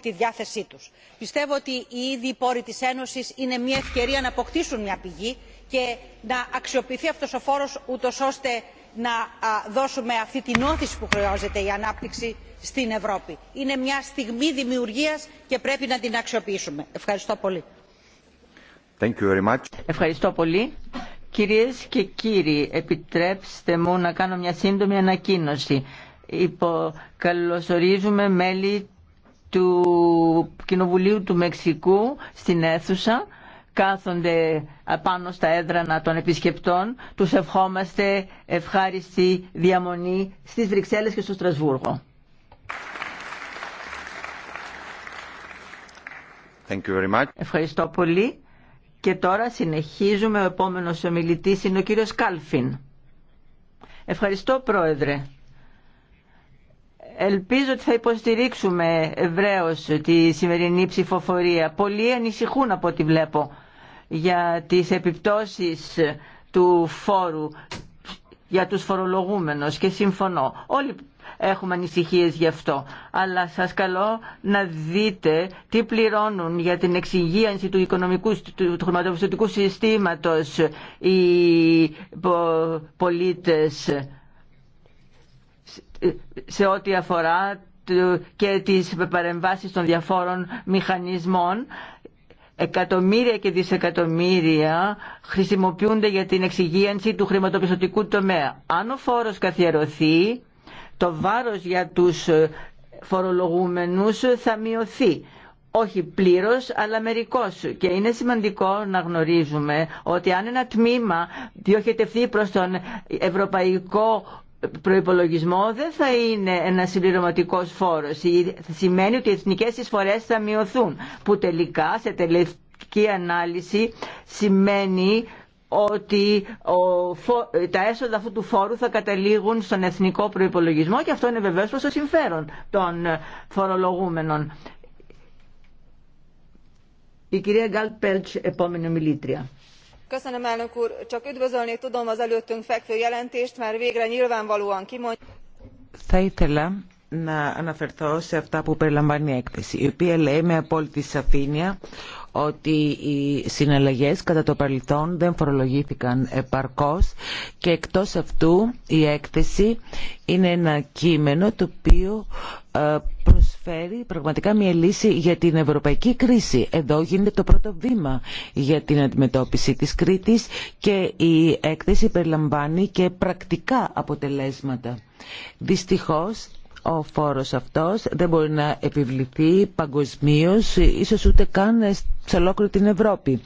τη διάθεσή τους. Πιστεύω ότι οι ίδιοι πόροι της Ένωσης είναι μια ευκαιρία να αποκτήσουν μια πηγή και να αξιοποιηθεί αυτός ο φόρος ούτως ώστε να δώσουμε αυτή την όθηση που χρειάζεται η ανάπτυξη στην Ευρώπη. Είναι μια στιγμή δημιουργίας και πρέπει να την αξιοποιήσουμε. Ευχαριστώ πολύ. Thank you very much. Ευχαριστώ πολύ. Κυρίες και κύριοι, επιτρέψτε μου να κάνω μια σύντομη ανακοίνωση. Υποκαλωσορίζουμε μέλη του Κοινοβουλίου του Μεξικού στην αίθουσα κάθονται πάνω στα έδρανα των επισκεπτών. Τους ευχόμαστε ευχάριστη διαμονή στις Βρυξέλλες και στο Στρασβούργο. Thank you very Ευχαριστώ πολύ. Και τώρα συνεχίζουμε. Ο επόμενος ομιλητής είναι ο κύριος Κάλφιν. Ευχαριστώ, Πρόεδρε. Ελπίζω ότι θα υποστηρίξουμε ευρέως τη σημερινή ψηφοφορία. Πολλοί ανησυχούν από ό,τι βλέπω για τις επιπτώσεις του φόρου για τους φορολογούμενους και συμφωνώ. Όλοι έχουμε ανησυχίες γι' αυτό. Αλλά σας καλώ να δείτε τι πληρώνουν για την εξυγίανση του οικονομικού, του χρηματοπιστωτικού συστήματος οι πολίτες σε ό,τι αφορά και τις παρεμβάσεις των διαφόρων μηχανισμών εκατομμύρια και δισεκατομμύρια χρησιμοποιούνται για την εξυγίανση του χρηματοπιστωτικού τομέα. Αν ο φόρος καθιερωθεί, το βάρος για τους φορολογούμενους θα μειωθεί. Όχι πλήρως, αλλά μερικώς. Και είναι σημαντικό να γνωρίζουμε ότι αν ένα τμήμα διοχετευθεί προς τον ευρωπαϊκό προϋπολογισμό δεν θα είναι ένα συμπληρωματικό φόρος. Σημαίνει ότι οι εθνικές εισφορές θα μειωθούν, που τελικά σε τελευταία ανάλυση σημαίνει ότι τα έσοδα αυτού του φόρου θα καταλήγουν στον εθνικό προϋπολογισμό και αυτό είναι βεβαίως προ το συμφέρον των φορολογούμενων. Η κυρία Γκάλ Πέλτς, επόμενη μιλήτρια θα ήθελα να αναφερθώ σε αυτά που περιλαμβάνει η έκθεση η οποία λέει με απόλυτη σαφήνεια ότι οι συναλλαγές κατά το παρελθόν δεν φορολογήθηκαν επαρκώς και εκτός αυτού η έκθεση είναι ένα κείμενο το οποίο ε, προσφέρει πραγματικά μια λύση για την ευρωπαϊκή κρίση. Εδώ γίνεται το πρώτο βήμα για την αντιμετώπιση της Κρήτης και η έκθεση περιλαμβάνει και πρακτικά αποτελέσματα. Δυστυχώς ο φόρος αυτός δεν μπορεί να επιβληθεί παγκοσμίως ίσως ούτε καν σε ολόκληρη την Ευρώπη.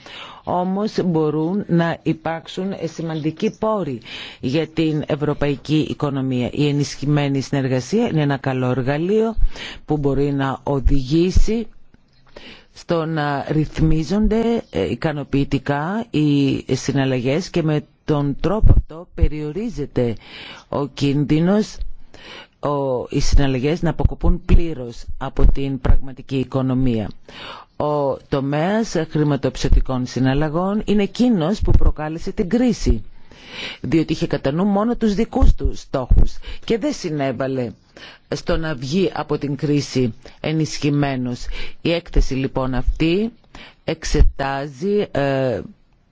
Όμως μπορούν να υπάρξουν σημαντικοί πόροι για την ευρωπαϊκή οικονομία. Η ενισχυμένη συνεργασία είναι ένα καλό εργαλείο που μπορεί να οδηγήσει στο να ρυθμίζονται ε, ικανοποιητικά οι συναλλαγές και με τον τρόπο αυτό περιορίζεται ο κίνδυνος οι συναλλαγές να αποκοπούν πλήρως από την πραγματική οικονομία. Ο τομέας χρηματοψηφικών συναλλαγών είναι εκείνο που προκάλεσε την κρίση διότι είχε κατά νου μόνο τους δικούς του στόχους και δεν συνέβαλε στο να βγει από την κρίση ενισχυμένος. Η έκθεση λοιπόν αυτή εξετάζει ε,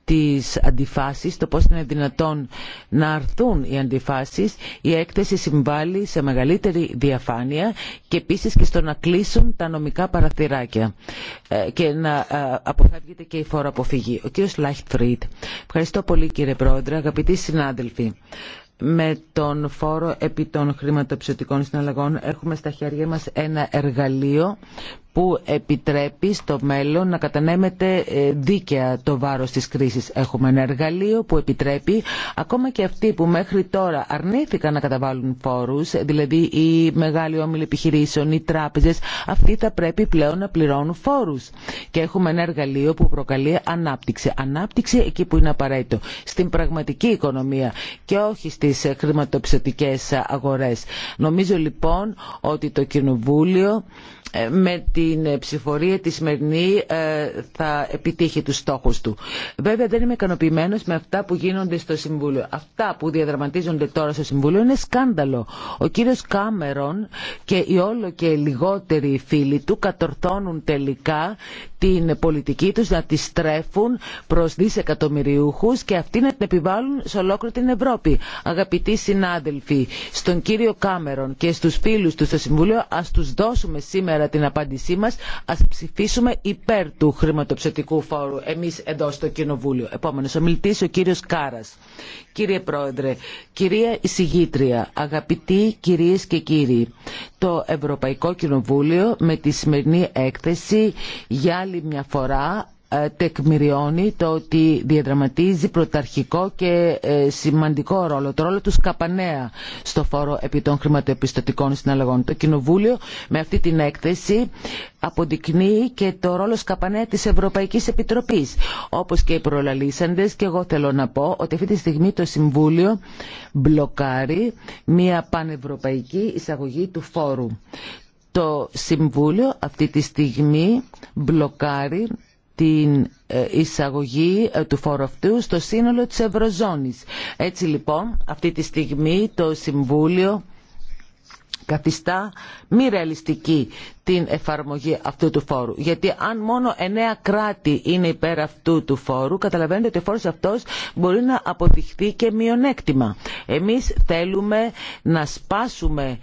τις αντιφάσεις, το πώς είναι δυνατόν να αρθούν οι αντιφάσεις. Η έκθεση συμβάλλει σε μεγαλύτερη διαφάνεια και επίσης και στο να κλείσουν τα νομικά παραθυράκια ε, και να ε, αποφεύγεται και η φόρα αποφυγή. Ο κύριος Λάχτφριντ. Ευχαριστώ πολύ κύριε Πρόεδρε, αγαπητοί συνάδελφοι με τον φόρο επί των χρηματοψηφιωτικών συναλλαγών έχουμε στα χέρια μας ένα εργαλείο που επιτρέπει στο μέλλον να κατανέμεται ε, δίκαια το βάρος της κρίσης. Έχουμε ένα εργαλείο που επιτρέπει ακόμα και αυτοί που μέχρι τώρα αρνήθηκαν να καταβάλουν φόρους, δηλαδή οι μεγάλοι όμιλοι επιχειρήσεων, οι τράπεζες, αυτοί θα πρέπει πλέον να πληρώνουν φόρους. Και έχουμε ένα εργαλείο που προκαλεί ανάπτυξη. Ανάπτυξη εκεί που είναι απαραίτητο. Στην πραγματική οικονομία και όχι στις χρηματοπιστωτικές αγορές. Νομίζω λοιπόν ότι το Κοινοβούλιο ε, με την ψηφορία τη σημερινή ε, θα επιτύχει τους στόχους του. Βέβαια δεν είμαι ικανοποιημένο με αυτά που γίνονται στο Συμβούλιο. Αυτά που διαδραματίζονται τώρα στο Συμβούλιο είναι σκάνδαλο. Ο κύριος Κάμερον και οι όλο και λιγότεροι φίλοι του κατορθώνουν τελικά την πολιτική τους να τη στρέφουν προς δισεκατομμυριούχους και αυτοί να την επιβάλλουν σε ολόκληρη την Ευρώπη. Αγαπητοί συνάδελφοι, στον κύριο Κάμερον και στους φίλους του στο Συμβούλιο ας τους δώσουμε σήμερα την απάντησή μας, ας ψηφίσουμε υπέρ του χρηματοψηφικού φόρου εμείς εδώ στο Κοινοβούλιο. Επόμενος ομιλητής ο κύριος Κάρας. Κύριε Πρόεδρε, κυρία Ισηγήτρια, αγαπητοί κυρίες και κύριοι, το Ευρωπαϊκό Κοινοβούλιο με τη σημερινή έκθεση για άλλη μια φορά ε, τεκμηριώνει το ότι διαδραματίζει πρωταρχικό και ε, σημαντικό ρόλο, το ρόλο του σκαπανέα στο φόρο επί των χρηματοεπιστωτικών συναλλαγών. Το Κοινοβούλιο με αυτή την έκθεση αποδεικνύει και το ρόλο σκαπανέα της Ευρωπαϊκής Επιτροπής. Όπως και οι προλαλήσαντες και εγώ θέλω να πω ότι αυτή τη στιγμή το Συμβούλιο μπλοκάρει μια πανευρωπαϊκή εισαγωγή του φόρου. Το Συμβούλιο αυτή τη στιγμή μπλοκάρει την ε, εισαγωγή ε, του φόρου αυτού στο σύνολο της Ευρωζώνης. Έτσι λοιπόν αυτή τη στιγμή το Συμβούλιο καθιστά μη ρεαλιστική την εφαρμογή αυτού του φόρου. Γιατί αν μόνο εννέα κράτη είναι υπέρ αυτού του φόρου, καταλαβαίνετε ότι ο φόρος αυτός μπορεί να αποδειχθεί και μειονέκτημα. Εμείς θέλουμε να σπάσουμε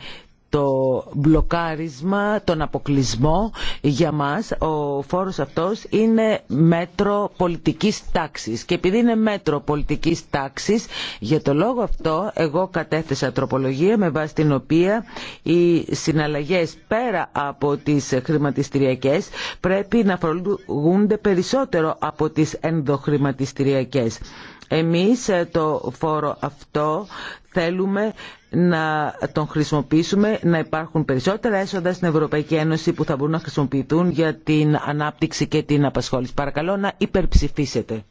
το μπλοκάρισμα, τον αποκλεισμό για μας ο φόρος αυτός είναι μέτρο πολιτικής τάξης και επειδή είναι μέτρο πολιτικής τάξης για το λόγο αυτό εγώ κατέθεσα τροπολογία με βάση την οποία οι συναλλαγές πέρα από τις χρηματιστηριακές πρέπει να φορολογούνται περισσότερο από τις ενδοχρηματιστηριακές. Εμείς ε, το φόρο αυτό θέλουμε να τον χρησιμοποιήσουμε, να υπάρχουν περισσότερα έσοδα στην Ευρωπαϊκή Ένωση που θα μπορούν να χρησιμοποιηθούν για την ανάπτυξη και την απασχόληση. Παρακαλώ να υπερψηφίσετε.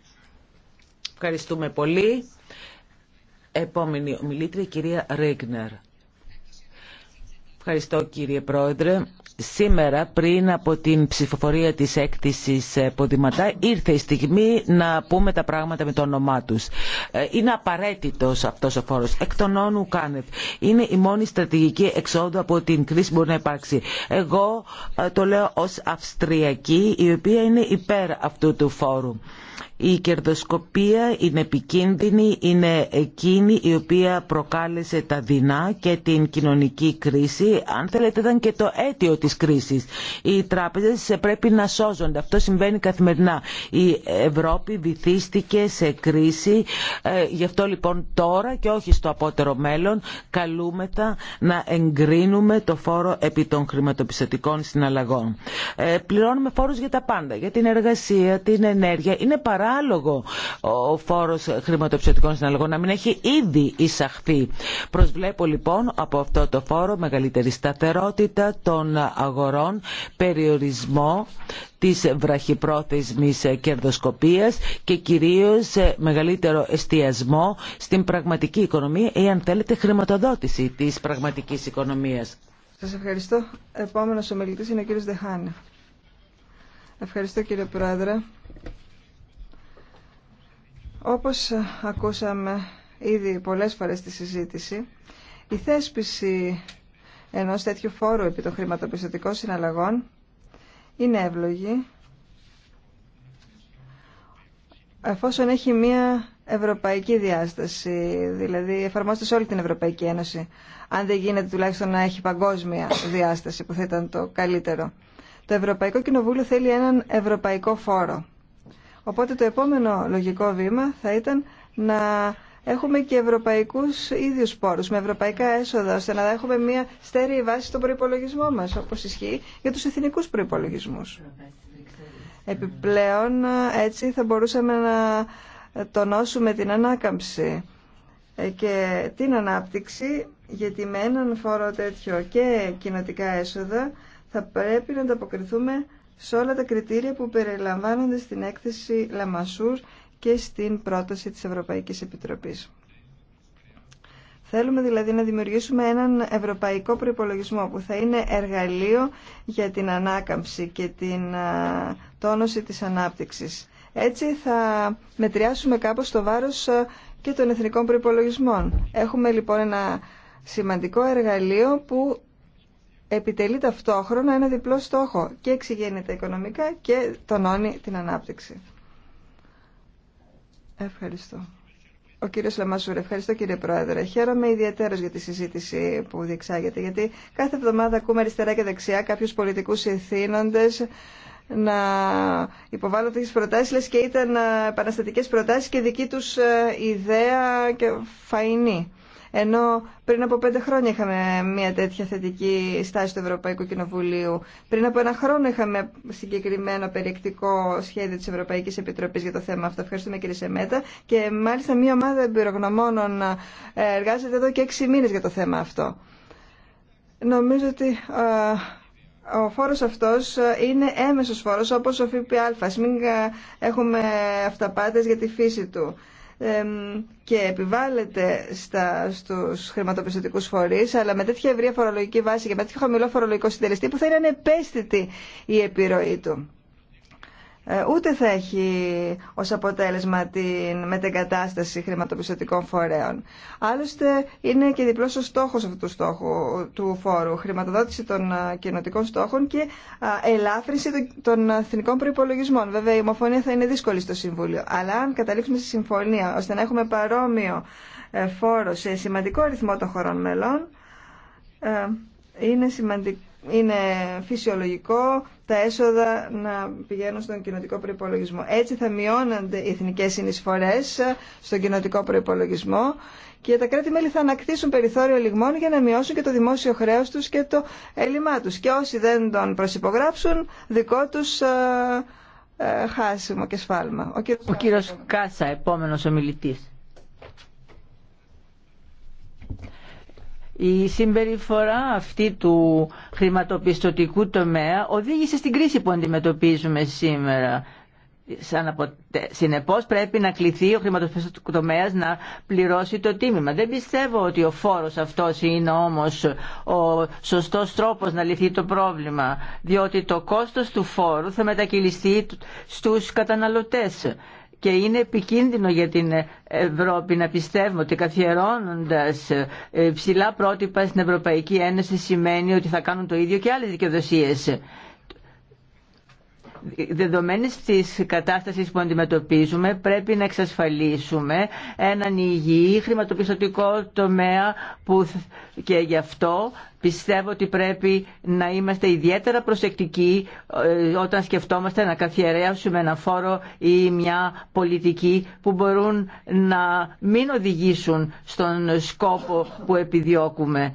Ευχαριστούμε πολύ. Επόμενη ομιλήτρια, η κυρία Ρέγνερ. Ευχαριστώ κύριε Πρόεδρε σήμερα πριν από την ψηφοφορία της έκτησης ε, Ποδηματά ήρθε η στιγμή να πούμε τα πράγματα με το όνομά τους. Ε, είναι απαραίτητος αυτός ο φόρος. Εκ των όνου Είναι η μόνη στρατηγική εξόδου από την κρίση που μπορεί να υπάρξει. Εγώ ε, το λέω ως Αυστριακή η οποία είναι υπέρ αυτού του φόρου. Η κερδοσκοπία είναι επικίνδυνη, είναι εκείνη η οποία προκάλεσε τα δεινά και την κοινωνική κρίση. Αν θέλετε ήταν και το αίτιο της κρίσης. Οι τράπεζες πρέπει να σώζονται. Αυτό συμβαίνει καθημερινά. Η Ευρώπη βυθίστηκε σε κρίση. Ε, γι' αυτό λοιπόν τώρα και όχι στο απότερο μέλλον καλούμεθα να εγκρίνουμε το φόρο επί των χρηματοπιστωτικών συναλλαγών. Ε, πληρώνουμε φόρους για τα πάντα, για την εργασία, την ενέργεια. Είναι παρά παράλογο ο φόρος χρηματοψηφιακών συναλλαγών να μην έχει ήδη εισαχθεί. Προσβλέπω λοιπόν από αυτό το φόρο μεγαλύτερη σταθερότητα των αγορών, περιορισμό της βραχυπρόθεσμης κερδοσκοπίας και κυρίως μεγαλύτερο εστιασμό στην πραγματική οικονομία ή αν θέλετε χρηματοδότηση της πραγματικής οικονομίας. Σας ευχαριστώ. Επόμενος ομιλητής είναι ο κύριος Δεχάνη. Ευχαριστώ κύριε Πρόεδρε. Όπως ε, ακούσαμε ήδη πολλές φορές στη συζήτηση, η θέσπιση ενός τέτοιου φόρου επί των χρηματοπιστωτικών συναλλαγών είναι εύλογη εφόσον έχει μία ευρωπαϊκή διάσταση, δηλαδή εφαρμόζεται σε όλη την Ευρωπαϊκή Ένωση, αν δεν γίνεται τουλάχιστον να έχει παγκόσμια διάσταση που θα ήταν το καλύτερο. Το Ευρωπαϊκό Κοινοβούλιο θέλει έναν ευρωπαϊκό φόρο. Οπότε το επόμενο λογικό βήμα θα ήταν να έχουμε και ευρωπαϊκού ίδιου πόρου, με ευρωπαϊκά έσοδα, ώστε να έχουμε μια στέρεη βάση στον προπολογισμό μα, όπω ισχύει για του εθνικού προπολογισμού. Επιπλέον, έτσι θα μπορούσαμε να τονώσουμε την ανάκαμψη ε, και την ανάπτυξη, γιατί με έναν φόρο τέτοιο και κοινοτικά έσοδα θα πρέπει να ανταποκριθούμε σε όλα τα κριτήρια που περιλαμβάνονται στην έκθεση Λαμασούρ και στην πρόταση της Ευρωπαϊκής Επιτροπής. Θέλουμε δηλαδή να δημιουργήσουμε έναν ευρωπαϊκό προϋπολογισμό που θα είναι εργαλείο για την ανάκαμψη και την τόνωση της ανάπτυξης. Έτσι θα μετριάσουμε κάπως το βάρος και των εθνικών προϋπολογισμών. Έχουμε λοιπόν ένα σημαντικό εργαλείο που επιτελεί ταυτόχρονα ένα διπλό στόχο και τα οικονομικά και τονώνει την ανάπτυξη. Ευχαριστώ. Ο κύριος Λαμασούρ, ευχαριστώ κύριε Πρόεδρε. Χαίρομαι ιδιαίτερα για τη συζήτηση που διεξάγεται, γιατί κάθε εβδομάδα ακούμε αριστερά και δεξιά κάποιους πολιτικούς ευθύνοντες να υποβάλλουν τις προτάσεις, λες και ήταν ε, επαναστατικές προτάσεις και δική τους ε, ιδέα και φαϊνή. Ενώ πριν από πέντε χρόνια είχαμε μια τέτοια θετική στάση του Ευρωπαϊκού Κοινοβουλίου. Πριν από ένα χρόνο είχαμε συγκεκριμένο περιεκτικό σχέδιο της Ευρωπαϊκής Επιτροπής για το θέμα αυτό. Ευχαριστούμε κύριε Σεμέτα. Και μάλιστα μια ομάδα εμπειρογνωμόνων ε, εργάζεται εδώ και έξι μήνε για το θέμα αυτό. Νομίζω ότι ε, ο φόρος αυτός είναι έμεσος φόρος όπως ο ΦΠΑ. Μην ε, έχουμε αυταπάτες για τη φύση του και επιβάλλεται στα, στους χρηματοπιστωτικούς φορείς, αλλά με τέτοια ευρεία φορολογική βάση και με τέτοιο χαμηλό φορολογικό συντελεστή που θα είναι ανεπαίσθητη η επιρροή του. Ε, ούτε θα έχει ως αποτέλεσμα την μετεγκατάσταση χρηματοπιστωτικών φορέων. Άλλωστε είναι και διπλός ο στόχος αυτού του, στόχου, του φόρου, χρηματοδότηση των ε, κοινοτικών στόχων και ε, ελάφρυνση των εθνικών προϋπολογισμών. Βέβαια η ομοφωνία θα είναι δύσκολη στο Συμβούλιο, αλλά αν καταλήξουμε στη συμφωνία ώστε να έχουμε παρόμοιο φόρο σε σημαντικό αριθμό των χωρών μελών, είναι σημαντικό είναι φυσιολογικό τα έσοδα να πηγαίνουν στον κοινοτικό προϋπολογισμό. Έτσι θα μειώνονται οι εθνικές συνεισφορές στον κοινοτικό προϋπολογισμό και τα κράτη-μέλη θα ανακτήσουν περιθώριο λιγμών για να μειώσουν και το δημόσιο χρέος τους και το έλλειμμά τους. Και όσοι δεν τον προσυπογράψουν, δικό τους ε, ε, χάσιμο και σφάλμα. Ο κύριος, ο κύριος Κάσα, επόμενος ομιλητής. Η συμπεριφορά αυτή του χρηματοπιστωτικού τομέα οδήγησε στην κρίση που αντιμετωπίζουμε σήμερα. Συνεπώς πρέπει να κληθεί ο χρηματοπιστωτικός τομέας να πληρώσει το τίμημα. Δεν πιστεύω ότι ο φόρος αυτός είναι όμως ο σωστός τρόπος να λυθεί το πρόβλημα, διότι το κόστος του φόρου θα μετακυλιστεί στους καταναλωτές και είναι επικίνδυνο για την Ευρώπη να πιστεύουμε ότι καθιερώνοντας ψηλά πρότυπα στην Ευρωπαϊκή Ένωση σημαίνει ότι θα κάνουν το ίδιο και άλλες δικαιοδοσίες δεδομένης της κατάστασης που αντιμετωπίζουμε πρέπει να εξασφαλίσουμε έναν υγιή χρηματοπιστωτικό τομέα που και γι' αυτό πιστεύω ότι πρέπει να είμαστε ιδιαίτερα προσεκτικοί ε, όταν σκεφτόμαστε να καθιερέσουμε ένα φόρο ή μια πολιτική που μπορούν να μην οδηγήσουν στον σκόπο που επιδιώκουμε.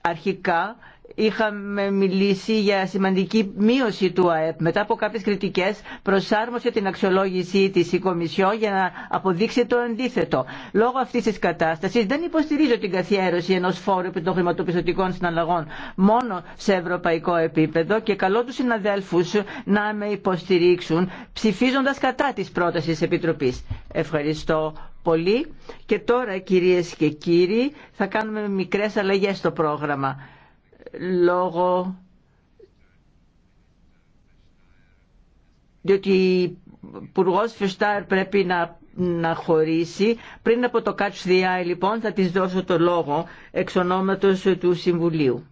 Αρχικά είχαμε μιλήσει για σημαντική μείωση του ΑΕΠ. Μετά από κάποιες κριτικές προσάρμοσε την αξιολόγησή της η Κομισιό για να αποδείξει το αντίθετο. Λόγω αυτής της κατάστασης δεν υποστηρίζω την καθιέρωση ενός φόρου επί των χρηματοπιστωτικών συναλλαγών μόνο σε ευρωπαϊκό επίπεδο και καλώ τους συναδέλφους να με υποστηρίξουν ψηφίζοντας κατά της πρότασης της Επιτροπής. Ευχαριστώ πολύ. Και τώρα κυρίες και κύριοι θα κάνουμε μικρές αλλαγές στο πρόγραμμα. Λόγο διότι η Υπουργό Φεστάρ πρέπει να, να χωρίσει. Πριν από το Catch the Eye, λοιπόν, θα της δώσω το λόγο εξ ονόματος του Συμβουλίου.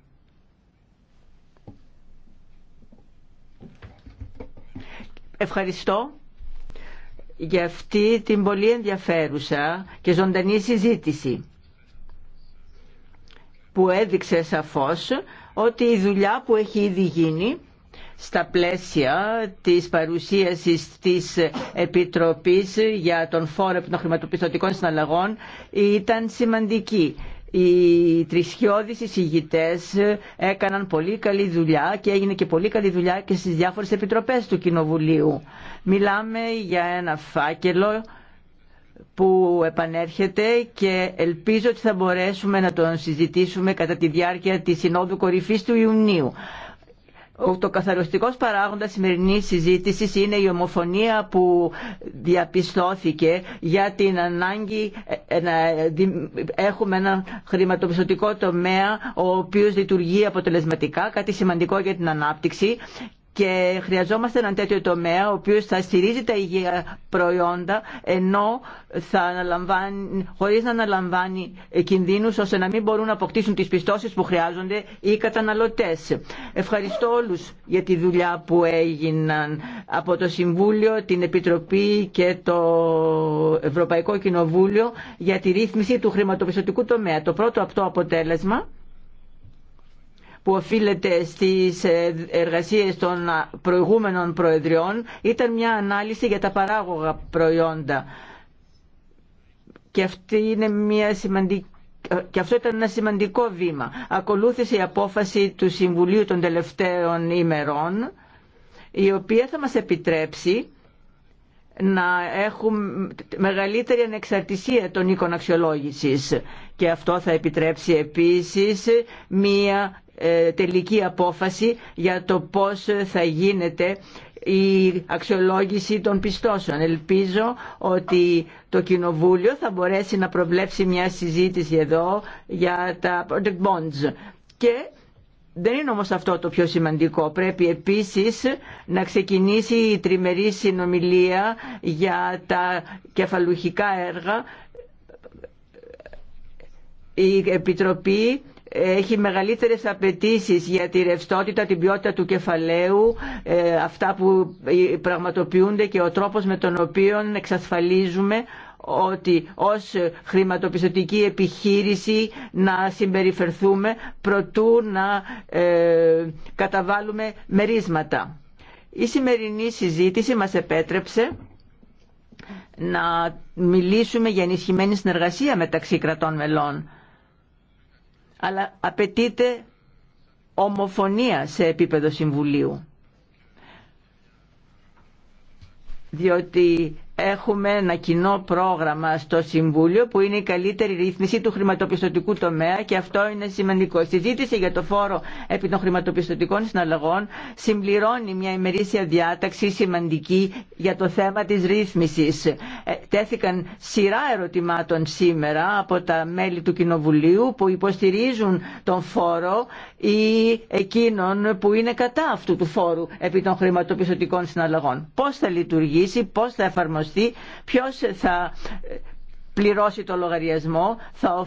Ευχαριστώ για αυτή την πολύ ενδιαφέρουσα και ζωντανή συζήτηση που έδειξε σαφώς ότι η δουλειά που έχει ήδη γίνει στα πλαίσια της παρουσίασης της Επιτροπής για τον φόρο των χρηματοπιστωτικών συναλλαγών ήταν σημαντική. Οι τρισχιώδεις εισηγητές έκαναν πολύ καλή δουλειά και έγινε και πολύ καλή δουλειά και στις διάφορες επιτροπές του Κοινοβουλίου. Μιλάμε για ένα φάκελο που επανέρχεται και ελπίζω ότι θα μπορέσουμε να τον συζητήσουμε κατά τη διάρκεια της Συνόδου Κορυφής του Ιουνίου. Το καθαριστικό παράγοντας σημερινή συζήτησης είναι η ομοφωνία που διαπιστώθηκε για την ανάγκη ε, να έχουμε ένα χρηματοπιστωτικό τομέα ο οποίος λειτουργεί αποτελεσματικά, κάτι σημαντικό για την ανάπτυξη και χρειαζόμαστε έναν τέτοιο τομέα ο οποίο θα στηρίζει τα υγεία προϊόντα ενώ θα αναλαμβάνει, χωρίς να αναλαμβάνει κινδύνους ώστε να μην μπορούν να αποκτήσουν τις πιστώσεις που χρειάζονται οι καταναλωτές. Ευχαριστώ όλους για τη δουλειά που έγιναν από το Συμβούλιο, την Επιτροπή και το Ευρωπαϊκό Κοινοβούλιο για τη ρύθμιση του χρηματοπιστωτικού τομέα. Το πρώτο αυτό αποτέλεσμα που οφείλεται στις ε, εργασίες των προηγούμενων προεδριών ήταν μια ανάλυση για τα παράγωγα προϊόντα. Και αυτή είναι μια και αυτό ήταν ένα σημαντικό βήμα. Ακολούθησε η απόφαση του Συμβουλίου των τελευταίων ημερών, η οποία θα μας επιτρέψει να έχουν μεγαλύτερη ανεξαρτησία των οίκων αξιολόγησης και αυτό θα επιτρέψει επίσης μία ε, τελική απόφαση για το πώς θα γίνεται η αξιολόγηση των πιστώσεων. Ελπίζω ότι το Κοινοβούλιο θα μπορέσει να προβλέψει μια συζήτηση εδώ για τα project bonds και δεν είναι όμως αυτό το πιο σημαντικό. Πρέπει επίσης να ξεκινήσει η τριμερή συνομιλία για τα κεφαλουχικά έργα. Η Επιτροπή έχει μεγαλύτερες απαιτήσεις για τη ρευστότητα, την ποιότητα του κεφαλαίου, ε, αυτά που ε, πραγματοποιούνται και ο τρόπος με τον οποίο εξασφαλίζουμε ότι ως χρηματοπιστωτική επιχείρηση να συμπεριφερθούμε προτού να ε, καταβάλουμε μερίσματα. Η σημερινή συζήτηση μας επέτρεψε να μιλήσουμε για ενισχυμένη συνεργασία μεταξύ κρατών μελών. Αλλά απαιτείται ομοφωνία σε επίπεδο Συμβουλίου. Διότι έχουμε ένα κοινό πρόγραμμα στο Συμβούλιο που είναι η καλύτερη ρύθμιση του χρηματοπιστωτικού τομέα και αυτό είναι σημαντικό. Η συζήτηση για το φόρο επί των χρηματοπιστωτικών συναλλαγών συμπληρώνει μια ημερήσια διάταξη σημαντική για το θέμα της ρύθμισης. Ε, τέθηκαν σειρά ερωτημάτων σήμερα από τα μέλη του Κοινοβουλίου που υποστηρίζουν τον φόρο ή εκείνων που είναι κατά αυτού του φόρου επί των χρηματοπιστωτικών συναλλαγών. Πώς θα λειτουργήσει, πώς θα εφαρμοστεί γνωστή, θα ε, πληρώσει το λογαριασμό, θα,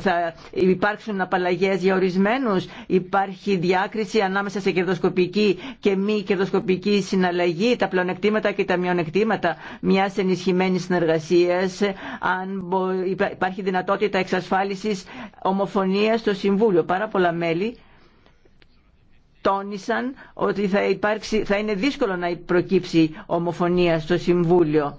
θα υπάρξουν απαλλαγέ για ορισμένους, υπάρχει διάκριση ανάμεσα σε κερδοσκοπική και μη κερδοσκοπική συναλλαγή, τα πλεονεκτήματα και τα μειονεκτήματα μιας ενισχυμένη συνεργασία. αν υπάρχει δυνατότητα εξασφάλισης ομοφωνίας στο Συμβούλιο. Πάρα πολλά μέλη τόνισαν ότι θα, υπάρξει, θα είναι δύσκολο να προκύψει ομοφωνία στο Συμβούλιο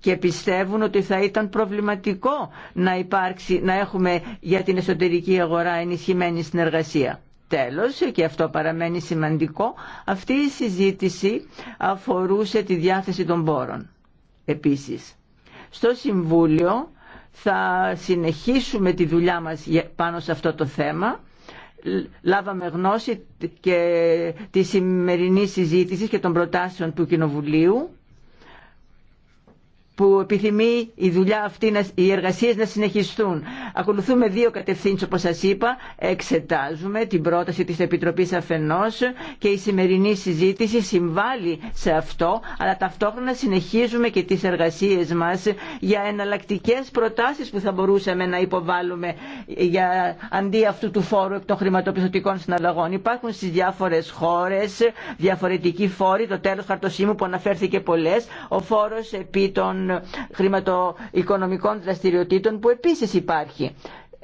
και πιστεύουν ότι θα ήταν προβληματικό να, υπάρξει, να έχουμε για την εσωτερική αγορά ενισχυμένη συνεργασία. Τέλος, και αυτό παραμένει σημαντικό, αυτή η συζήτηση αφορούσε τη διάθεση των πόρων. Επίσης, στο Συμβούλιο θα συνεχίσουμε τη δουλειά μας πάνω σε αυτό το θέμα λάβαμε γνώση και τη σημερινή συζήτηση και των προτάσεων του Κοινοβουλίου που επιθυμεί η δουλειά αυτή, οι εργασίε να συνεχιστούν. Ακολουθούμε δύο κατευθύνσει, όπω σα είπα. Εξετάζουμε την πρόταση τη Επιτροπή αφενό και η σημερινή συζήτηση συμβάλλει σε αυτό, αλλά ταυτόχρονα συνεχίζουμε και τι εργασίε μα για εναλλακτικέ προτάσει που θα μπορούσαμε να υποβάλουμε για, αντί αυτού του φόρου των χρηματοπιστωτικών συναλλαγών. Υπάρχουν στι διάφορε χώρε διαφορετικοί φόροι, το τέλο χαρτοσύμου που αναφέρθηκε πολλέ, ο φόρο επί των χρηματοοικονομικών δραστηριοτήτων που επίσης υπάρχει.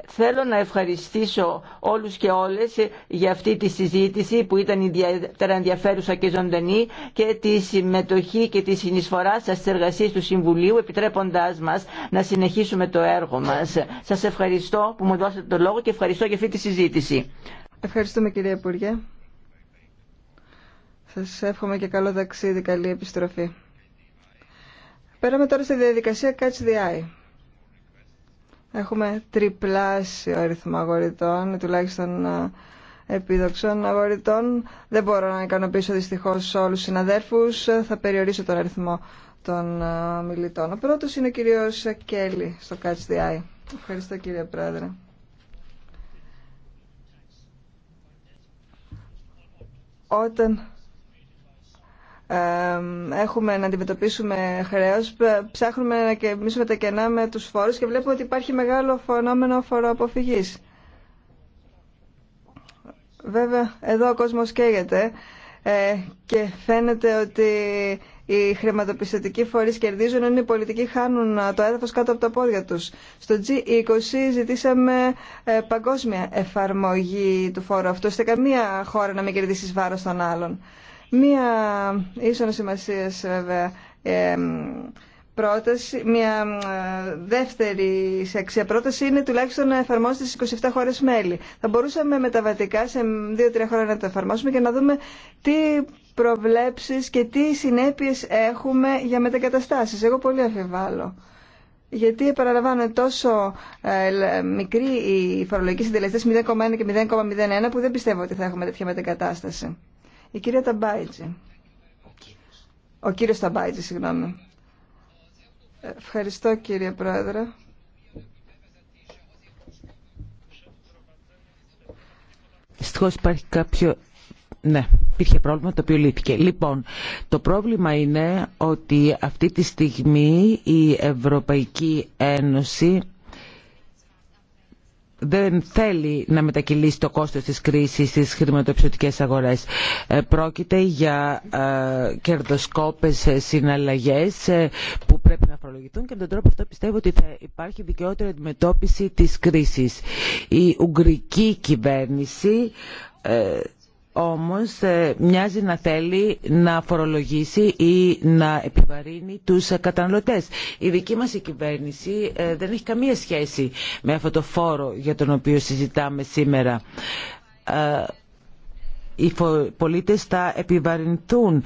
Θέλω να ευχαριστήσω όλους και όλες για αυτή τη συζήτηση που ήταν ιδιαίτερα ενδιαφέρουσα και ζωντανή και τη συμμετοχή και τη συνεισφορά σας στις εργασίες του Συμβουλίου επιτρέποντάς μας να συνεχίσουμε το έργο μας. Σας ευχαριστώ που μου δώσατε το λόγο και ευχαριστώ για αυτή τη συζήτηση. Ευχαριστούμε κυρία Υπουργέ. Σας εύχομαι και καλό ταξίδι, καλή επιστροφή. Πέραμε τώρα στη διαδικασία Catch the Eye. Έχουμε τριπλάσιο αριθμό αγορητών, τουλάχιστον ε, επίδοξων αγορητών. Δεν μπορώ να ικανοποιήσω δυστυχώς όλους τους συναδέρφους. Θα περιορίσω τον αριθμό των ε, μιλητών. Ο πρώτος είναι ο κύριος Κέλλη στο Catch the Eye. Ευχαριστώ κύριε Πρόεδρε. Όταν έχουμε να αντιμετωπίσουμε χρέο. ψάχνουμε να κερδίσουμε τα κενά με τους φόρους και βλέπουμε ότι υπάρχει μεγάλο φαινόμενο φοροαποφυγής. Βέβαια, εδώ ο κόσμος καίγεται ε, και φαίνεται ότι οι χρηματοπιστωτικοί φορείς κερδίζουν ενώ οι πολιτικοί χάνουν ε, το έδαφος κάτω από τα πόδια τους. Στο G20 ζητήσαμε ε, παγκόσμια εφαρμογή του φόρου αυτού, ώστε καμία χώρα να μην κερδίσει βάρος των άλλων. Μία ίσον σημασία βέβαια πρόταση, μια δεύτερη σε αξία πρόταση είναι τουλάχιστον να εφαρμόσουμε στις 27 χώρες μέλη. Θα μπορούσαμε μεταβατικά σε 2-3 χρόνια να το εφαρμόσουμε και να δούμε τι προβλέψεις και τι συνέπειες έχουμε για μετακαταστάσεις. Εγώ πολύ αφιβάλλω. Γιατί επαναλαμβάνω τόσο ε, μικρή η φορολογική συντελεστές 0,1 και 0,01 που δεν πιστεύω ότι θα έχουμε τέτοια μετακατάσταση. Η κυρία Ταμπάιτζη. Ο κύριος Ταμπάιτζη, συγγνώμη. Ευχαριστώ κύριε Πρόεδρε. Δυστυχώ υπάρχει κάποιο... Ναι, υπήρχε πρόβλημα το οποίο λύθηκε. Λοιπόν, το πρόβλημα είναι ότι αυτή τη στιγμή η Ευρωπαϊκή Ένωση δεν θέλει να μετακυλήσει το κόστος της κρίσης στις χρηματοπιστωτικές αγορές. Ε, πρόκειται για ε, κερδοσκόπες ε, συναλλαγές που πρέπει να φορολογηθούν και με τον τρόπο αυτό πιστεύω ότι θα υπάρχει δικαιότερη αντιμετώπιση της κρίσης. Η Ουγγρική κυβέρνηση όμως ε, μοιάζει να θέλει να φορολογήσει ή να επιβαρύνει τους ε, καταναλωτές. Η δική μας η κυβέρνηση ε, δεν έχει καμία σχέση με αυτό το φόρο για τον οποίο συζητάμε σήμερα. Οι πολίτες θα επιβαρυνθούν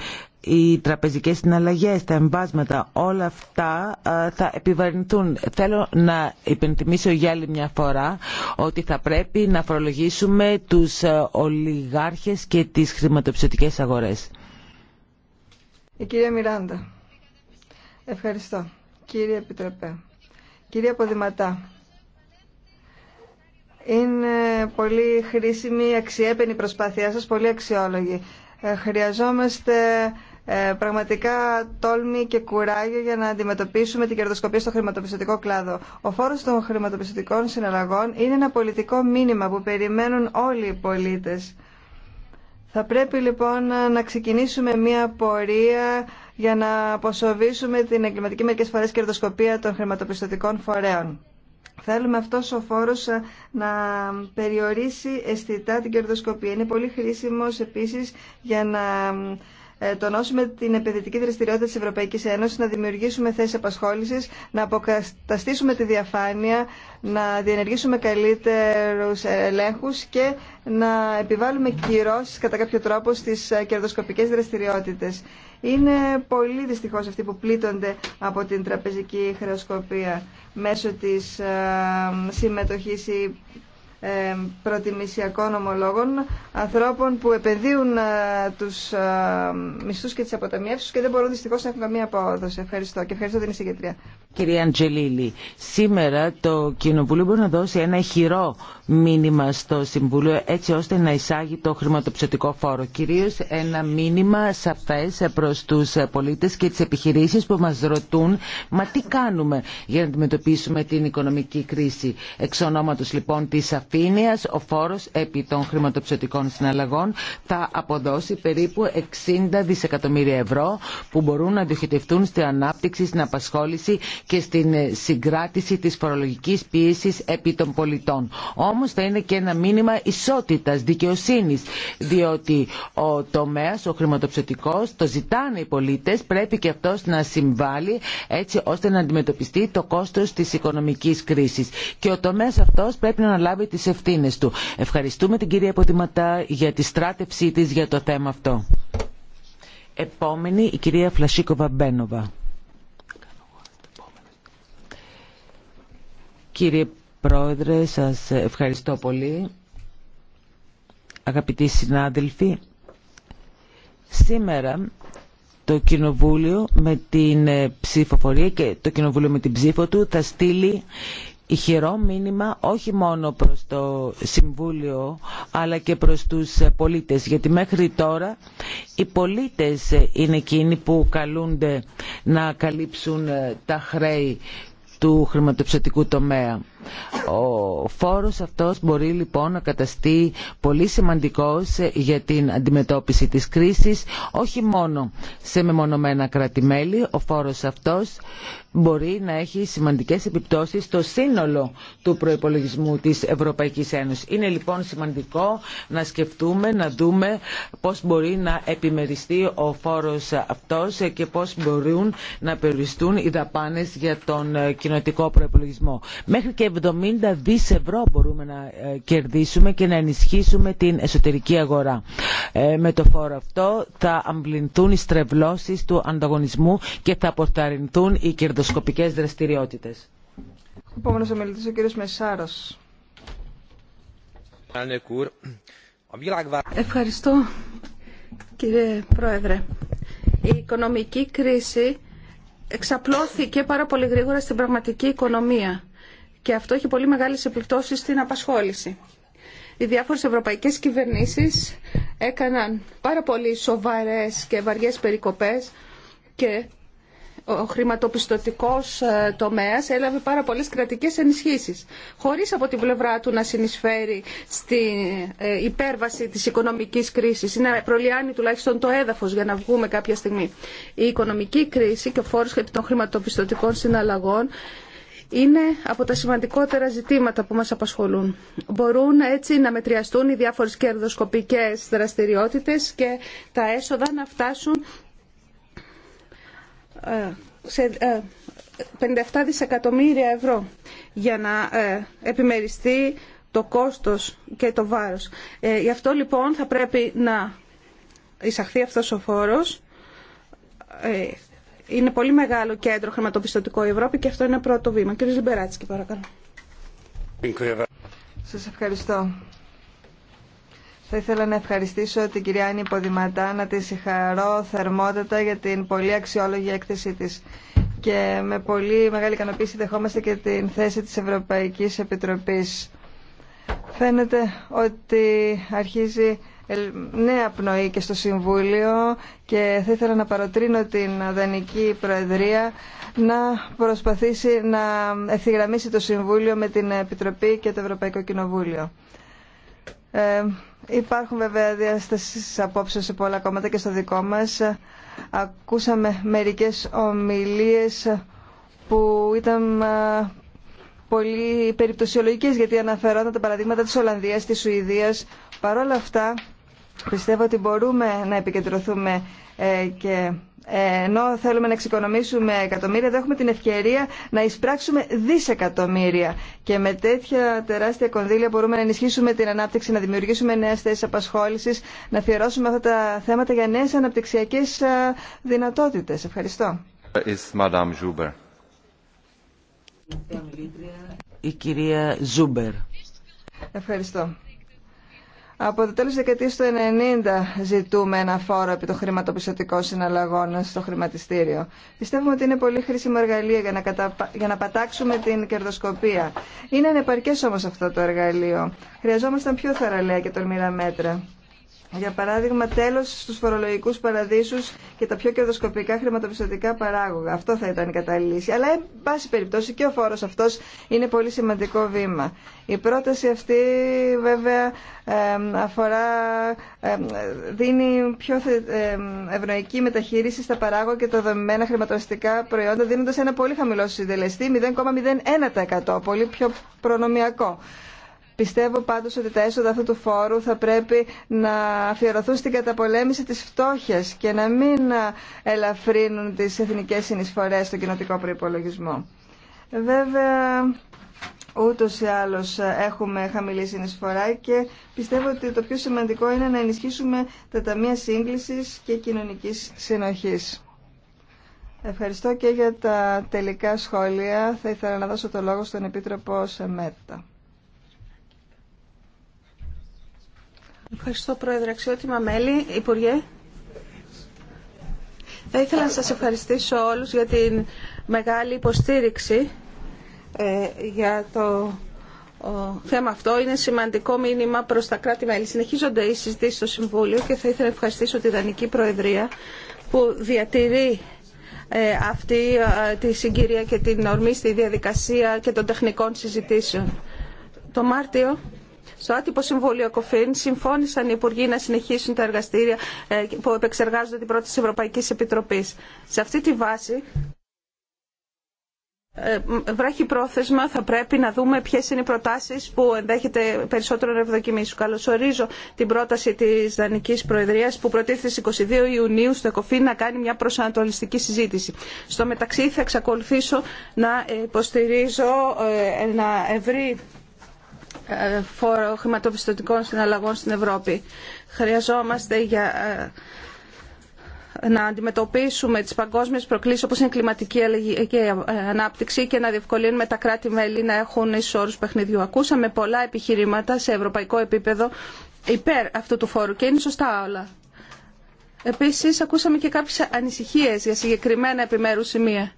οι τραπεζικές συναλλαγές, τα εμβάσματα, όλα αυτά ε, θα επιβαρυνθούν. Θέλω να υπενθυμίσω για άλλη μια φορά ότι θα πρέπει να φορολογήσουμε τους ε, ολιγάρχες και τις χρηματοπιστωτικές αγορές. Η κυρία Μιράντα. Ευχαριστώ. Κύριε Επιτροπέ. Κυρία Ποδηματά. Είναι πολύ χρήσιμη, αξιέπαινη προσπάθειά σας, πολύ αξιόλογη. Ε, χρειαζόμαστε ε, πραγματικά τόλμη και κουράγιο για να αντιμετωπίσουμε την κερδοσκοπία στο χρηματοπιστωτικό κλάδο. Ο φόρος των χρηματοπιστωτικών συναλλαγών είναι ένα πολιτικό μήνυμα που περιμένουν όλοι οι πολίτες. Θα πρέπει λοιπόν να ξεκινήσουμε μια πορεία για να αποσοβήσουμε την εγκληματική μερικές φορές κερδοσκοπία των χρηματοπιστωτικών φορέων. Θέλουμε αυτός ο φόρος ε, να περιορίσει αισθητά την κερδοσκοπία. Είναι πολύ χρήσιμος επίση για να ε, τονώσουμε την επενδυτική δραστηριότητα τη Ευρωπαϊκής Ένωση να δημιουργήσουμε θέσει απασχόληση, να αποκαταστήσουμε τη διαφάνεια, να διενεργήσουμε καλύτερους ελέγχου και να επιβάλλουμε κυρώσει κατά κάποιο τρόπο στις κερδοσκοπικές δραστηριότητε. Είναι πολύ δυστυχώ αυτοί που πλήττονται από την τραπεζική χρεοσκοπία μέσω τη ε, συμμετοχή. ή ε, προτιμησιακών ομολόγων, ανθρώπων που επενδύουν ε, τους ε, μισθούς και τις αποταμιεύσεις και δεν μπορούν δυστυχώς να έχουν καμία απόδοση. Ευχαριστώ και ευχαριστώ την εισηγητρία. Κυρία Αντζελίλη, σήμερα το Κοινοβούλιο μπορεί να δώσει ένα χειρό μήνυμα στο Συμβούλιο έτσι ώστε να εισάγει το χρηματοψηφιακό φόρο. Κυρίω ένα μήνυμα σαφέ προ του πολίτε και τι επιχειρήσει που μα ρωτούν μα τι κάνουμε για να αντιμετωπίσουμε την οικονομική κρίση. Εξ ονόματο λοιπόν της Αθήνα ο φόρος επί των χρηματοψηφιακών συναλλαγών θα αποδώσει περίπου 60 δισεκατομμύρια ευρώ που μπορούν να διοχετευτούν στην ανάπτυξη, στην απασχόληση και στην ε, συγκράτηση της φορολογικής πίεσης επί των πολιτών. Όμως θα είναι και ένα μήνυμα ισότητα δικαιοσύνης, διότι ο τομέας, ο χρηματοψηφιακός, το ζητάνε οι πολίτες, πρέπει και αυτός να συμβάλλει έτσι ώστε να αντιμετωπιστεί το κόστος της οικονομικής κρίσης. Και ο τομέας αυτός πρέπει να αναλάβει τις του. Ευχαριστούμε την κυρία Ποτηματά για τη στράτευσή της για το θέμα αυτό. Επόμενη η κυρία Φλασίκοβα Μπένοβα. Κύριε Πρόεδρε, σας ευχαριστώ πολύ. Αγαπητοί συνάδελφοι, σήμερα το Κοινοβούλιο με την ψηφοφορία και το Κοινοβούλιο με την ψήφο του θα στείλει ηχηρό μήνυμα όχι μόνο προς το Συμβούλιο αλλά και προς τους πολίτες γιατί μέχρι τώρα οι πολίτες είναι εκείνοι που καλούνται να καλύψουν ε, τα χρέη του χρηματοψηφιακού τομέα. Ο φόρος αυτός μπορεί λοιπόν να καταστεί πολύ σημαντικός για την αντιμετώπιση της κρίσης, όχι μόνο σε μεμονωμένα κράτη-μέλη Ο φόρος αυτός μπορεί να έχει σημαντικές επιπτώσεις στο σύνολο του προϋπολογισμού της Ευρωπαϊκής Ένωσης. Είναι λοιπόν σημαντικό να σκεφτούμε, να δούμε πώς μπορεί να επιμεριστεί ο φόρος αυτός και πώς μπορούν να περιοριστούν οι δαπάνες για τον κοινοτικό προϋπολογισμό. Μέχρι 70 δις ευρώ μπορούμε να ε, κερδίσουμε και να ενισχύσουμε την εσωτερική αγορά. Ε, με το φόρο αυτό θα αμπληνθούν οι στρεβλώσεις του ανταγωνισμού και θα αποθαρρυνθούν οι κερδοσκοπικές δραστηριότητες. Επόμενος ομιλητής ο κύριος Μεσάρος. Ευχαριστώ κύριε Πρόεδρε. Η οικονομική κρίση εξαπλώθηκε πάρα πολύ γρήγορα στην πραγματική οικονομία και αυτό έχει πολύ μεγάλες επιπτώσεις στην απασχόληση. Οι διάφορες ευρωπαϊκές κυβερνήσεις έκαναν πάρα πολύ σοβαρές και βαριές περικοπές και ο χρηματοπιστωτικός ε, τομέας έλαβε πάρα πολλές κρατικές ενισχύσεις, χωρίς από την πλευρά του να συνεισφέρει στην ε, υπέρβαση της οικονομικής κρίσης ή να προλιάνει τουλάχιστον το έδαφος για να βγούμε κάποια στιγμή. Η οικονομική κρίση και ο φόρος των χρηματοπιστωτικών συναλλαγών είναι από τα σημαντικότερα ζητήματα που μας απασχολούν. Μπορούν έτσι να μετριαστούν οι διάφορες κερδοσκοπικές δραστηριότητες και τα έσοδα να φτάσουν ε, σε 57 ε, δισεκατομμύρια ευρώ για να ε, επιμεριστεί το κόστος και το βάρος. Γι' αυτό λοιπόν θα πρέπει να εισαχθεί αυτός ο φόρος είναι πολύ μεγάλο κέντρο χρηματοπιστωτικό η Ευρώπη και αυτό είναι πρώτο βήμα. Κύριε Λιμπεράτσικη, παρακαλώ. Σας ευχαριστώ. Θα ήθελα να ευχαριστήσω την κυρία Άννη Ποδηματά, να τη συγχαρώ θερμότατα για την πολύ αξιόλογη έκθεσή της. Και με πολύ μεγάλη ικανοποίηση δεχόμαστε και την θέση της Ευρωπαϊκής Επιτροπής. Φαίνεται ότι αρχίζει νέα πνοή και στο Συμβούλιο και θα ήθελα να παροτρύνω την Δανική Προεδρία να προσπαθήσει να ευθυγραμμίσει το Συμβούλιο με την Επιτροπή και το Ευρωπαϊκό Κοινοβούλιο. Ε, υπάρχουν βέβαια διαστασίες απόψε σε πολλά κόμματα και στο δικό μας. Ακούσαμε μερικές ομιλίες που ήταν πολύ περιπτωσιολογικές γιατί αναφερόταν τα παραδείγματα της Ολλανδίας, της Σουηδίας. Παρ' αυτά Πιστεύω ότι μπορούμε να επικεντρωθούμε ε, και ε, ενώ θέλουμε να εξοικονομήσουμε εκατομμύρια, δεν έχουμε την ευκαιρία να εισπράξουμε δισεκατομμύρια. Και με τέτοια τεράστια κονδύλια μπορούμε να ενισχύσουμε την ανάπτυξη, να δημιουργήσουμε νέε θέσει απασχόληση, να αφιερώσουμε αυτά τα θέματα για νέε αναπτυξιακέ ε, δυνατότητε. Ευχαριστώ. Η κυρία Ζούμπερ. Ευχαριστώ. Από το τέλος δεκαετίας του 1990 ζητούμε ένα φόρο επί το χρηματοπιστωτικό συναλλαγών στο χρηματιστήριο. Πιστεύουμε ότι είναι πολύ χρήσιμο εργαλείο για να, για πατάξουμε την κερδοσκοπία. Είναι ανεπαρκές όμως αυτό το εργαλείο. Χρειαζόμασταν πιο θαραλέα και τολμηρά μέτρα. Για παράδειγμα, τέλο στου φορολογικού παραδείσου και τα πιο κερδοσκοπικά χρηματοπιστωτικά παράγωγα. Αυτό θα ήταν η κατάλληλη λύση. Αλλά, εν πάση περιπτώσει, και ο φόρο αυτό είναι πολύ σημαντικό βήμα. Η πρόταση αυτή, βέβαια, αφορά, δίνει πιο ευνοϊκή μεταχείριση στα παράγωγα και τα δομημένα χρηματοπιστωτικά προϊόντα, δίνοντα ένα πολύ χαμηλό συντελεστή, 0,01%. Πολύ πιο προνομιακό. Πιστεύω πάντως ότι τα έσοδα αυτού του φόρου θα πρέπει να αφιερωθούν στην καταπολέμηση της φτώχειας και να μην ελαφρύνουν τις εθνικές συνεισφορές στον κοινοτικό προϋπολογισμό. Βέβαια, ούτως ή άλλως έχουμε χαμηλή συνεισφορά και πιστεύω ότι το πιο σημαντικό είναι να ενισχύσουμε τα ταμεία σύγκλησης και κοινωνικής συνοχής. Ευχαριστώ και για τα τελικά σχόλια. Θα ήθελα να δώσω το λόγο στον Επίτροπο Σεμέτα. Ευχαριστώ Πρόεδρε. Αξιότιμα μέλη, Υπουργέ. Θα ήθελα να σας ευχαριστήσω όλους για την μεγάλη υποστήριξη ε, για το θέμα αυτό. Είναι σημαντικό μήνυμα προς τα κράτη-μέλη. Συνεχίζονται οι συζητήσεις στο Συμβούλιο και θα ήθελα να ευχαριστήσω τη Δανική Προεδρία που διατηρεί ε, αυτή ε, τη συγκυρία και την ορμή στη διαδικασία και των τεχνικών συζητήσεων. Το Μάρτιο στο άτυπο Συμβούλιο Κοφίν συμφώνησαν οι Υπουργοί να συνεχίσουν τα εργαστήρια ε, που επεξεργάζονται την πρώτη Ευρωπαϊκή Επιτροπή. Σε αυτή τη βάση, ε, βράχει πρόθεσμα θα πρέπει να δούμε ποιε είναι οι προτάσει που ενδέχεται περισσότερο να ευδοκιμήσουν. Καλωσορίζω την πρόταση τη Δανική Προεδρία που προτίθεται στι 22 Ιουνίου στο ΕΚΟΦΗ να κάνει μια προσανατολιστική συζήτηση. Στο μεταξύ θα εξακολουθήσω να υποστηρίζω ε, ένα ευρύ φόρο χρηματοπιστωτικών συναλλαγών στην Ευρώπη. Χρειαζόμαστε για ε, να αντιμετωπίσουμε τις παγκόσμιες προκλήσεις όπως είναι η κλιματική και η ανάπτυξη και να διευκολύνουμε τα κράτη-μέλη να έχουν ισόρους παιχνιδιού. Ακούσαμε πολλά επιχειρήματα σε ευρωπαϊκό επίπεδο υπέρ αυτού του φόρου και είναι σωστά όλα. Επίσης, ακούσαμε και κάποιες ανησυχίες για συγκεκριμένα επιμέρους σημεία.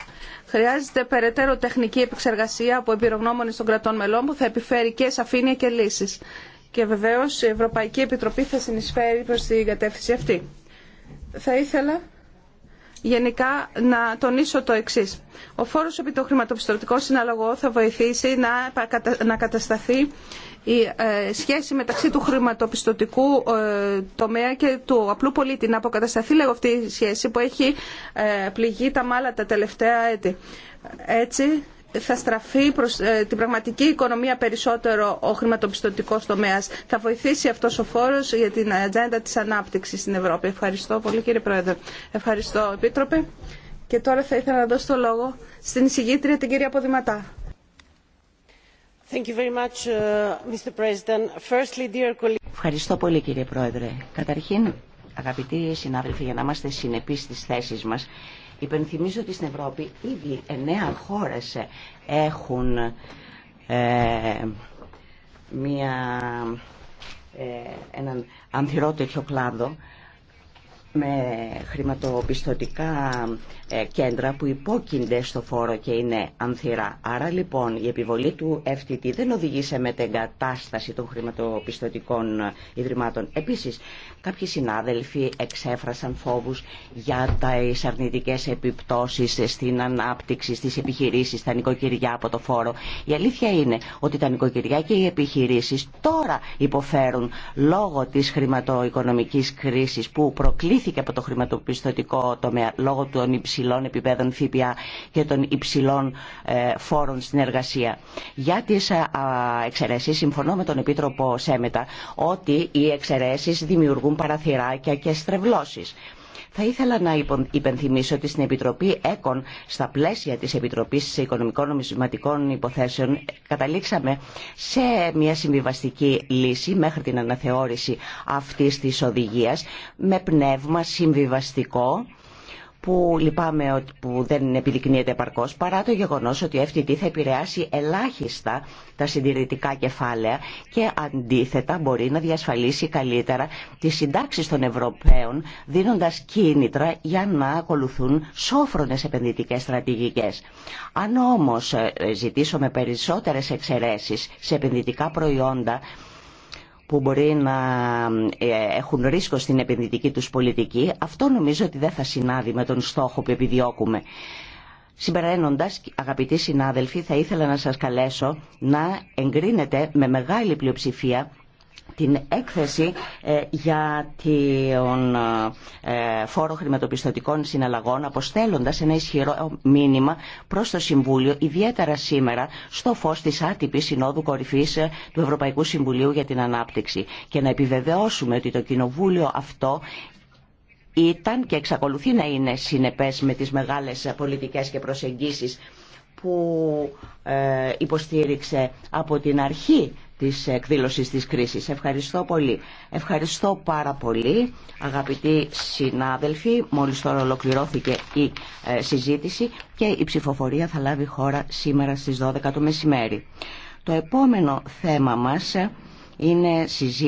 Χρειάζεται περαιτέρω τεχνική επεξεργασία από εμπειρογνώμονες των κρατών μελών που θα επιφέρει και σαφήνεια και λύσεις. Και βεβαίως η Ευρωπαϊκή Επιτροπή θα συνεισφέρει προς την κατεύθυνση αυτή. Θα ήθελα γενικά να τονίσω το εξή. Ο φόρος επί το χρηματοπιστωτικό συναλλαγό θα βοηθήσει να κατασταθεί η ε, σχέση μεταξύ του χρηματοπιστωτικού ε, τομέα και του απλού πολίτη. Να αποκατασταθεί λέγω αυτή η σχέση που έχει ε, πληγεί τα μάλα τα τελευταία έτη. Έτσι θα στραφεί προς την πραγματική οικονομία περισσότερο ο χρηματοπιστωτικός τομέας. Θα βοηθήσει αυτός ο φόρος για την ατζέντα της ανάπτυξης στην Ευρώπη. Ευχαριστώ πολύ κύριε Πρόεδρε. Ευχαριστώ Επίτροπε. Και τώρα θα ήθελα να δώσω το λόγο στην εισηγήτρια την κυρία Ποδηματά. Uh, Ευχαριστώ πολύ κύριε Πρόεδρε. Καταρχήν, αγαπητοί συνάδελφοι, για να είμαστε συνεπείς στις θέσεις μας, υπενθυμίζω ότι στην Ευρώπη ήδη εννέα χώρες έχουν ε, μια, ε, έναν ανθυρό τέτοιο κλάδο με χρηματοπιστωτικά ε, κέντρα που υπόκεινται στο φόρο και είναι ανθυρά. Άρα λοιπόν η επιβολή του FTT δεν οδηγεί σε μετεγκατάσταση των χρηματοπιστωτικών ε, ιδρυμάτων. Επίσης Κάποιοι συνάδελφοι εξέφρασαν φόβους για τα αρνητικέ επιπτώσεις στην ανάπτυξη, στις επιχειρήσεις, τα νοικοκυριά από το φόρο. Η αλήθεια είναι ότι τα νοικοκυριά και οι επιχειρήσεις τώρα υποφέρουν λόγω της χρηματοοικονομικής κρίσης που προκλήθηκε από το χρηματοπιστωτικό τομέα λόγω των υψηλών επιπέδων ΦΠΑ και των υψηλών ε, φόρων στην εργασία. Για τις ε, εξαιρέσεις συμφωνώ με τον Επίτροπο Σέμετα ότι οι εξαιρέσεις δημιουργούν παραθυράκια και στρεβλώσεις. Θα ήθελα να υπενθυμίσω ότι στην Επιτροπή ΕΚΟΝ, στα πλαίσια της Επιτροπής Οικονομικών Νομισματικών Υποθέσεων, καταλήξαμε σε μια συμβιβαστική λύση μέχρι την αναθεώρηση αυτής της οδηγίας, με πνεύμα συμβιβαστικό που λυπάμαι που δεν επιδεικνύεται επαρκώς, παρά το γεγονός ότι η FTT θα επηρεάσει ελάχιστα τα συντηρητικά κεφάλαια και αντίθετα μπορεί να διασφαλίσει καλύτερα τι συντάξει των Ευρωπαίων, δίνοντα κίνητρα για να ακολουθούν σόφρονες επενδυτικές στρατηγικές. Αν όμως ε, ζητήσουμε περισσότερες εξαιρεσει σε επενδυτικά προϊόντα, που μπορεί να ε, έχουν ρίσκο στην επενδυτική τους πολιτική, αυτό νομίζω ότι δεν θα συνάδει με τον στόχο που επιδιώκουμε. Συμπεραίνοντας, αγαπητοί συνάδελφοι, θα ήθελα να σας καλέσω να εγκρίνετε με μεγάλη πλειοψηφία την έκθεση ε, για τον ε, φόρο χρηματοπιστωτικών συναλλαγών αποστέλλοντας ένα ισχυρό μήνυμα προς το Συμβούλιο ιδιαίτερα σήμερα στο φως της άτυπης Συνόδου Κορυφής ε, του Ευρωπαϊκού Συμβουλίου για την Ανάπτυξη και να επιβεβαιώσουμε ότι το Κοινοβούλιο αυτό ήταν και εξακολουθεί να είναι συνεπές με τις μεγάλες πολιτικές και προσεγγίσεις που υποστήριξε από την αρχή της εκδήλωσης της κρίσης. Ευχαριστώ πολύ. Ευχαριστώ πάρα πολύ αγαπητοί συνάδελφοι. Μόλις τώρα ολοκληρώθηκε η ε, συζήτηση και η ψηφοφορία θα λάβει χώρα σήμερα στις 12 το μεσημέρι. Το επόμενο θέμα μας ε, είναι συζήτηση